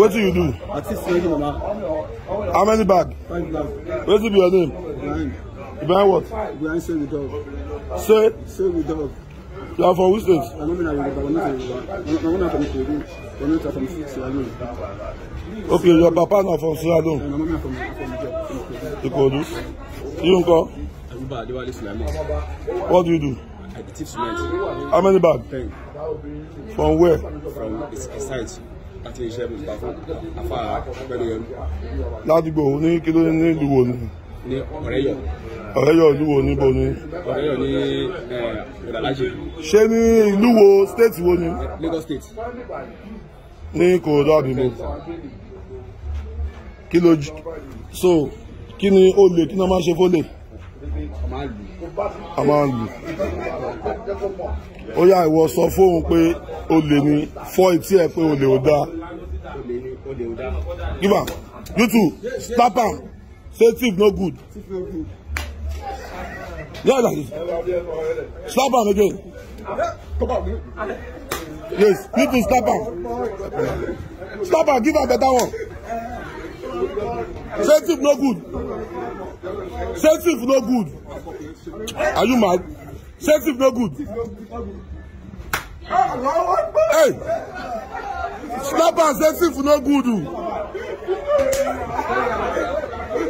What do you do? Artist radio, Mama. How many bag? Five bags. What is your name? Brian. Brian, what? Ibrahim Say the Dog. Say? Say the Dog. You are from which state? I'm not from Yoruba. I'm from Kogi. I'm not from Sierra Leone. Okay, your papa not from Sierra Leone? My mama from Kogi. Ikodu. You uncle? Ayuba Adewale Sulaiman. What do you do? I teach cement. How many bags? Ten. From where? From society àti iṣẹ́ ní kí ní ìlú ni. ní ọ̀rẹ́yọ̀. ọ̀rẹ́yọ̀ ìlú wo níbo ni. ọ̀rẹ́yọ̀ ní ìdàlájì. ṣé ní ìlú state wo ni. Lagos state. ní kòròdú àbíbo. kí ló so kí ni ó lè kí ni wọ́n máa ṣe fólè. a máa lù. a máa lù ó yá ìwọ sọ fóun pé o lè ní fọ́ etí ẹ pé o lè ò dá give am you two, stop am say thief no good yeah like this slap am again yes you too slap am slap am give am better one say thief no good say thief no good are you mad. Say thief no good. Hey! Oh. stop and say thief no good.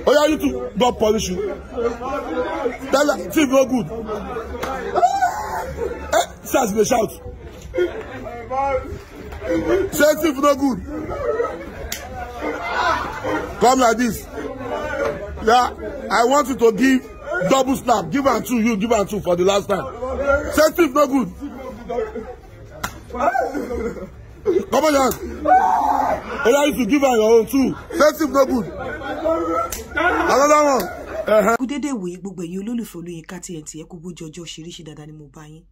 Oh yeah, you too. God polish. you. Tell thief no good. Hey! Eh, Says the shout. Say thief no good. Come like this. Yeah, I want you to give Double snap. Give am two. You give am two for the last time. Set fifth no good. Come on, Jan. Oya, oh, if you give am your own two. Set fifth no good. Another one. Uh-huh. Kú dédé wòye gbogbo ẹ̀yin olólùfẹ́ Olóyinka TNT ẹ kú bójú ọjọ́ ṣeréṣe dáadáa ni mo bá yín.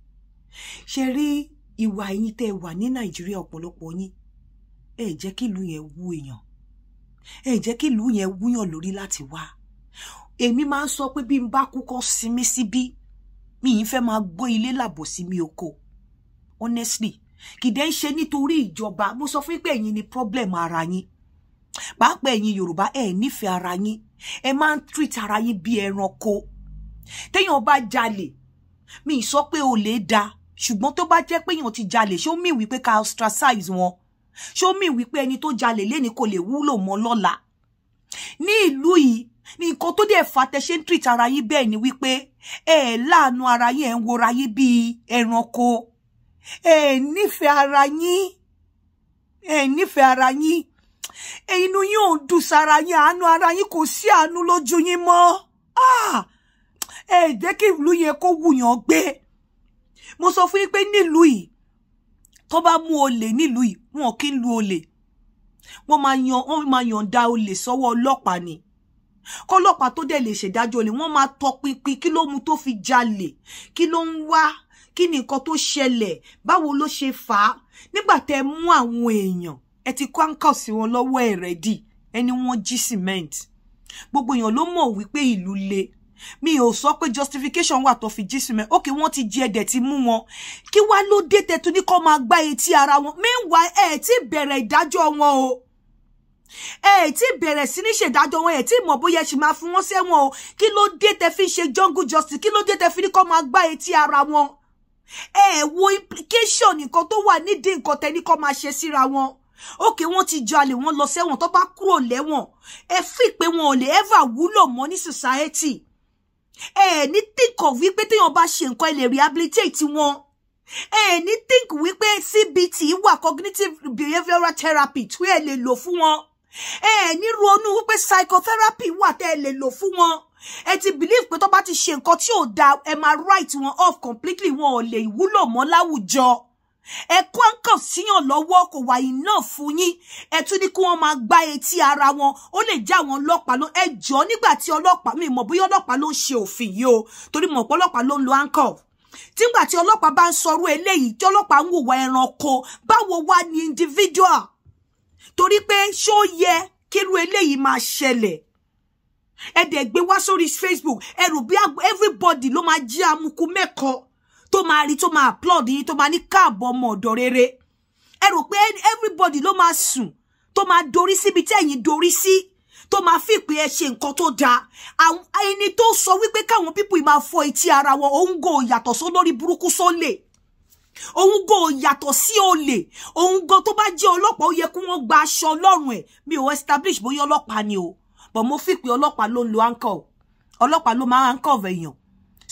Ṣé rí ìwà ẹ̀yin tẹ́ wà ní Nàìjíríà ọ̀pọ̀lọpọ̀ yín? Ẹ jẹ́ kí ìlú yẹn wú èèyàn. Ẹ jẹ́ kí ìlú yẹn wúyàn lórí láti wá èmi máa ń sọ pé bí n bá kú kọ́ sinmi síbí mi ì fẹ́ máa gbọ́ ilé làbò sí mi oko honestly kìdẹ́ ń ṣe nítorí ìjọba mo sọ fún pé ẹ̀yin ni problem ara yín pàápàá ẹ̀yin yorùbá ẹ̀ nífẹ̀ẹ́ ara yín ẹ máa ń treat ara yín bí ẹranko téèyàn bá jalè mi ì sọ pé olè da ṣùgbọ́n tó bá jẹ́ pé èèyàn ti jalè ṣó mì wípé ká ostracize wọn ṣó mì wípé ẹni tó jalè léni kò lè wúlò mọ́ lọ́la ní ìlú yìí nǹkan tó dẹ̀ fà tẹ ṣe ń treat ara yín bẹ́ẹ̀ ni wípé ẹ ẹ̀ láàánú ara yín ẹ̀ ń wora yín bíi ẹranko ẹ ẹ̀ nífẹ̀ẹ́ ara yín ẹ ẹ̀ nífẹ̀ẹ́ ara yín inú yín ò dùn sára yín àánú ara yín kò sí àánú lójú yín mọ́ ah! ẹ jẹ́ kí ìlú yẹn kó wùyàn gbé mo sọ fún yín pé nílùú yìí tó bá mú olè nílùú yìí wọn kì í lu olè wọ́n máa yàn olè sọ́wọ́ ọlọ́pàá ni kọ́lọ́pàá tó dẹ̀ lè ṣèdájọ́ ni wọ́n máa tọpinpin kí ló mu tó fi jalè kí ló ń wá kí ni nǹkan tó ṣẹlẹ̀ báwo ló ṣe fà á nígbà tẹ́ mú àwọn èèyàn ẹ ti kó àǹkà sí wọn lọ́wọ́ ẹ̀rẹ́dì ẹni wọ́n jí cement gbogbo èèyàn ló mọ̀ wípé ìlú le mi ò sọ pé justification wà tó fi jí cement ókè wọ́n ti jí ẹ̀dẹ̀ ti mú wọn kí wá ló dé tẹ́tù ní kó máa gbá etí ara wọn meanwhile ẹ̀ ti bẹ̀rẹ̀ ìdájọ́ wọn o ẹ ẹ tí bẹ̀rẹ̀ sí ní ṣèdájọ́ wọn ẹ tí mọ̀ bóyá ẹ ṣì máa fún wọn sẹ́wọ̀n o kí ló dé tẹ fi ń ṣe jungle justice kí ló dé tẹ fi ní kọ́ máa gbá etí ara wọn ẹ ẹ wo implication nǹkan tó wà nídìí nǹkan tẹ ní kọ́ máa ṣe síra wọn òkè wọn ti jalè wọn lọ sẹ́wọ̀n tó bá kúrò lẹ́wọ̀n ẹ fi pé wọn ò lè ever wúlò mọ́ ní society ẹ ẹ ní think of wípé téèyàn bá ṣe nǹkan ẹ lè rehabilitate wọn ẹ ẹ ní think wípé CBT wà cognitive behavioral therapy tí ẹ lè lò fún wọn ẹ ní ronú wípé psychotherapy wà tẹ́ ẹ lè lò fún wọn ẹ ti believe pé tó bá ti ṣe nǹkan tí ò da ẹ máa write wọn off completely wọn ò lè wúlò mọ́ láwùjọ ẹ kó àǹkàn síyàn lọ́wọ́ kò wà iná fún yín ẹ tún ní kí wọ́n máa gbá etí ara wọn ó lè jẹ́ àwọn ọlọ́pàá ló ẹ jọ nígbà tí ọlọ́pàá mi mọ̀ bóyá ọlọ́pàá ló ń ṣe òfin yìí o torí mọ̀ pé ọlọ́pàá ló ń lo àǹkàn tígbà tí ọlọ́pàá bá ń sọrú eléyìí tí ọlọ́pàá ń wùwà ẹranko báwo wá ní individual torí pé ṣó yẹ kírú eléyìí máa ṣẹlẹ̀ ẹ gbé wá sórí Facebook ẹ rò bí everybody ló máa jí amukú mẹ́kọ tó máa rí tó máa applaud yín tó máa ní káàbọ̀ ọmọ ọ̀dọ̀ rere ẹ pé everybody ló máa sùn tó máa dorí síbi tí ẹ̀yin dorí sí tó máa fi pé ẹ ṣe nǹkan tó dáa àwọn ẹni tó sọ wípé káwọn pípù máa fọ etí ara wọn òun gò yàtọ̀ sólórí burúkú sólè òun go yàtọ̀ sí olè òun go tó bá jẹ́ ọlọ́pàá ó yẹ kí wọ́n gba aṣọ ọlọ́run ẹ̀ mi ò establish bóyá ọlọ́pàá ni o but mo fi pé ọlọ́pàá ló ń lo ankle ọlọ́pàá ló máa ankle èèyàn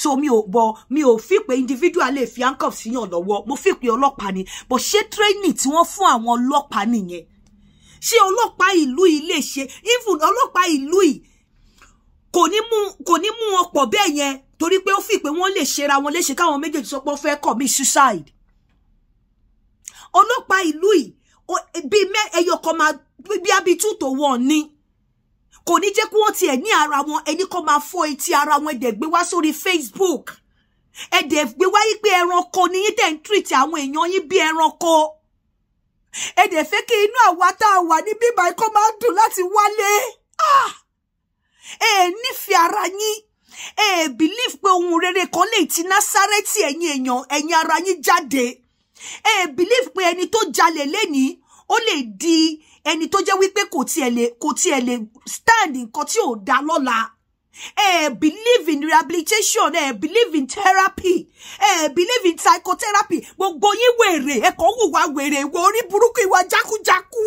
so mi ò bọ mi ò fi pé individual lè fi ankle síyàn lọ́wọ́ mo fi pé ọlọ́pàá ni but ṣé training tí wọ́n fún àwọn ọlọ́pàá nìyẹn ṣé ọlọ́pàá ìlú yìí lè ṣe even ọlọ́pàá ìlú yìí kò ní mú kò ní mú wọn pọ̀ bẹ́ẹ̀ yẹn torí pé ó fi pé wọ́n lè ṣera wọn léṣe káwọn méjèèjì sọ pé ó fẹ́ commit suicide ọlọ́pàá ìlú yìí bí ẹyọ kan máa bí abitú tó wọ̀ ni kò ní jẹ́ kí wọ́n tiẹ̀ ní ara wọn ẹni kan máa fọ́ etí ara wọn ẹ̀dẹ̀ gbé wá sórí Facebook ẹ̀dẹ̀ gbé wáyé pé ẹranko ni yín tẹ̀ ń tìrìtì àwọn èèyàn yín bí ẹranko ẹ̀dẹ̀ fẹ́ kí inú àwa tá a wà ní bíbá ikọ́ máa dùn láti wálé ah! ẹ nífẹ̀ẹ́ ara yín ẹ bìlíf pé ohun rere kan lè ti Násárẹ́tì ẹ̀yin èèyàn ẹ̀yin ara yín jáde ẹ eh, believe pé ẹni tó jalè lénìí ó lè di ẹni tó jẹ́ wípé kò tiẹ̀ lè kò tiẹ̀ lè stand nǹkan tí ò dá lọ́la eh, believe in rehabilitation eh, believe in therapy eh, believe in psychotherapy gbogbo yín wèrè ẹ kàn hùwà wèrè ìwà orí burúkú ìwà jákújákú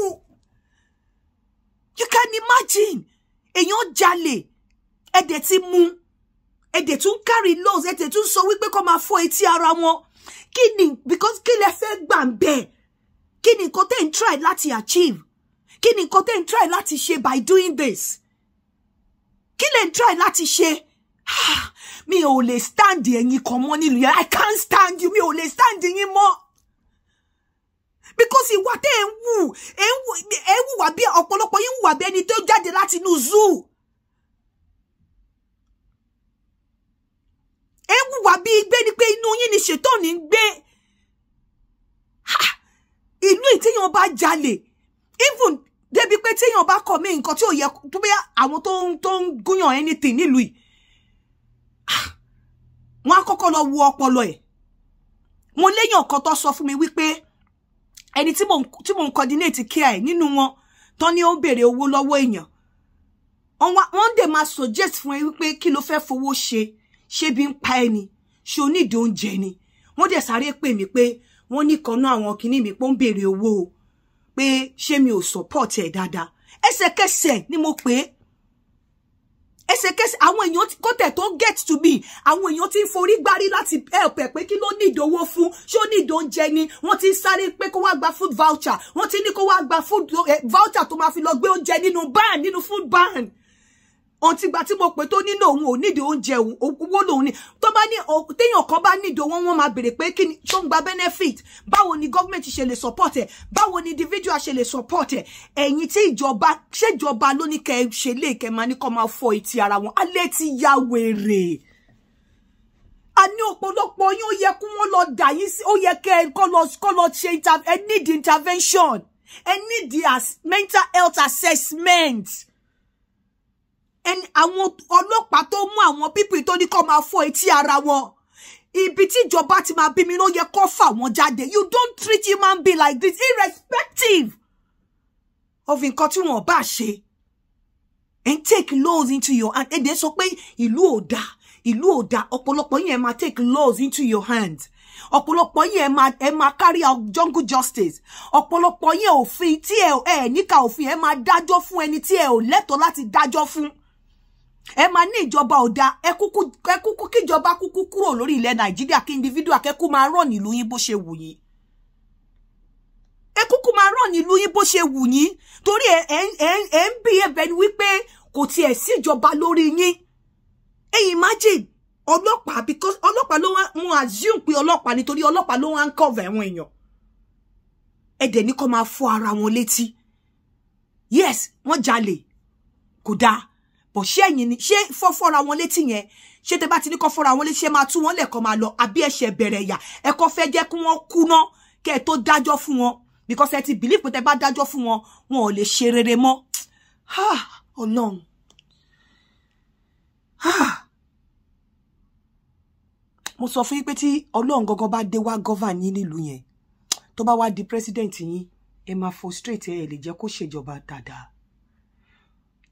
you can imagine èèyàn jalè ẹ̀dẹ̀ ti mú ẹ̀dẹ̀ tún carry loans ẹ̀dẹ̀ tún sọ wípé kó máa fọ́ etí ara wọn kí ni because kí lẹ fẹ́ gbà ń bẹ̀ kí ni nǹkan tẹ̀ ń try láti achieve kí ni nǹkan tẹ̀ ń try láti ṣe by doing this kí lẹ ń try láti ṣe ah, mi ò lè stand ẹ̀yin kan mọ́ nílùú yẹn I can't stand you mi ò lè stand yín mọ́ because ìwà tẹ́ ẹ̀ ń wù ẹ̀ ń wù wà bí ọ̀pọ̀lọpọ̀ yín wù wà bí ẹni tó jáde láti inú zoo ẹ wùwà bí igbé ni pé inú yín ni ṣètò ní gbé ìlú ìtẹ̀yàn bá jalè even débi pé téèyàn bá kọ mí nǹkan tí ò yẹ tó bẹ́ẹ̀ àwọn tó ń tó ń gúnyàn anything nílùú yìí wọ́n á kọ́kọ́ lọ wo ọpọlọ ẹ̀ mo léèyàn kan tó sọ fún mi wípé ẹni tí mò ń coordinate care ẹ̀ nínú wọn tán ni ó ń béèrè owó lọ́wọ́ èèyàn wọ́n dẹ̀ máa suggest fún ẹ wípé kí ló fẹ́ fowó ṣe ṣé bí ń pa ẹni ṣé onídìí oúnjẹ ni wọ́n dẹ̀ sáré pè mí pé wọ́n ní kan náà àwọn kinní mi pé ó ń béèrè owó o pé ṣé mi ò support ẹ̀ dáadáa ẹsẹ̀kẹsẹ̀ ni mo pè é ẹsẹ̀kẹsẹ̀ àwọn èèyàn kọtẹ tó get to me. àwọn èèyàn ti ń forí gbárí láti help ẹ pé kí ló ní ìdówó fún ṣé ó ní ìdóúnjẹ ni wọ́n ti ń sáré pé kó wá gba food voucher wọ́n ti ní kó wá gba food eh, voucher tó máa fi lọ gbé oúnjẹ nínú ban nínú food ban ọ̀ntì gba tí mo pè tó nínú òun ò nídìí oúnjẹ òun owó lòun ni tó bá ní téèyàn kan bá nídìí owó wọn máa béèrè pé kí ni tó ń gba benefit báwo ni government ṣe lè support ẹ báwo ni individual ṣe lè support ẹ ẹ̀yin tí ìjọba ṣèjọba ló ní kẹ ṣe lè kẹ máa ní kọ máa fọ etí ara wọn alẹ́ ti ya wèrè a ní ọ̀pọ̀lọpọ̀ yín ó yẹ kí wọ́n lọ dà yín sí ó yẹ kẹ kọ́ lọ kọ́ lọ ṣe ẹ need intervention ẹ need mental health assessment àwọn ọlọ́pàá tó mú àwọn pípì tó ní kó máa fọ etí ara wọn ibi tí ìjọba ti máa bí mi ló yẹ kó fà wọ́n jáde you don't treat human being like this irrespective of nǹkan tí wọ́n bá ṣe and take laws into your hand èdè sọ pé ìlú ò dá ìlú ò dá ọ̀pọ̀lọpọ̀ yín máa take laws into your hand ọ̀pọ̀lọpọ̀ yín ẹ máa carry out jungle justice ọ̀pọ̀lọpọ̀ yín òfin tí ẹ ẹ níka òfin ẹ máa dájọ́ fún ẹni tí ẹ ò lẹ́tọ̀ọ́ láti dájọ́ fún ẹ máa ní ìjọba ọ̀dà ẹ kúkú ẹ kúkú kíjọba kúkú kúrò lórí ilẹ̀ nàìjíríà kí individual akẹ́kù máa rọ̀ nílùú yín bó ṣe wù yín ẹ kúkú máa rọ̀ nílùú yín bó ṣe wù yín torí ẹ ń bí ẹbẹ ni wípé kò tiẹ̀ síjọba lórí yín ẹ̀yin imagine ọlọ́pàá because ọlọ́pàá ló wá mo assume pé ọlọ́pàá nítorí ọlọ́pàá ló wá ń cover àwọn èèyàn ẹ dẹ̀ ní kó máa fọ́ ara wọn létí yes wọ́n jalè kò dáa bọ̀ ṣé ẹ̀yin ni ṣé fọ́fọ́ra wọn létí yẹn ṣé tẹ bá ti ní kọ́ fọ́ra wọn létí ṣé máa tú wọn lẹ́ẹ̀kan máa lọ àbí ẹ̀ṣẹ̀ bẹ̀rẹ̀ yà ẹ̀kọ́ fẹ́ jẹ́ kí wọ́n kúná kẹ́ ẹ tó dájọ́ fún wọn because ẹ ti believe pé tẹ bá dájọ́ fún wọn wọn ò lè ṣe rere mọ́ ọlọ́run mo sọ fún yín pé tí ọlọ́run gangan bá dé wá govern yín nílùú yẹn tó bá wá di president yín ẹ máa frustrate ẹ lè jẹ́ kó ṣèjọba dáadáa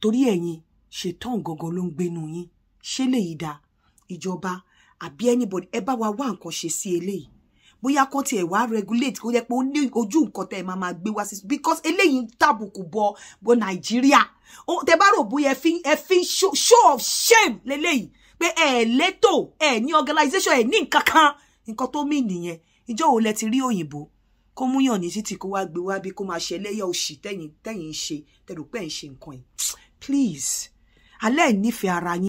torí ẹ̀yin ṣetán gangan ló ń gbénu yín ṣé lèyí da ìjọba àbí anybody ẹ bá wa wá nǹkan ṣe sí eléyìí bóyá kọ́ tiẹ̀ wá regulate kó jẹ́ pé ó ní ojú nǹkan tẹ́ máa máa gbé wá sí because eléyìí ń tàbùkù bọ bọ nàìjíríà tẹ bá rò bóyá ẹ fi show of shame leléyìí pé ẹ lẹ́tò ẹ ní organization ẹ ní nǹkan kan nǹkan tó mì nìyẹn ìjọ wo lẹ ti rí òyìnbó kó múyàn ní títì kó wá gbé wá bí kó máa ṣe ẹlẹ́yà òṣì tẹ̀yìn tẹ̀yìn ṣe tẹ̀rù pé ẹ̀ ń ṣe nǹkan yìí please aláìnífẹ̀ẹ́ ara yín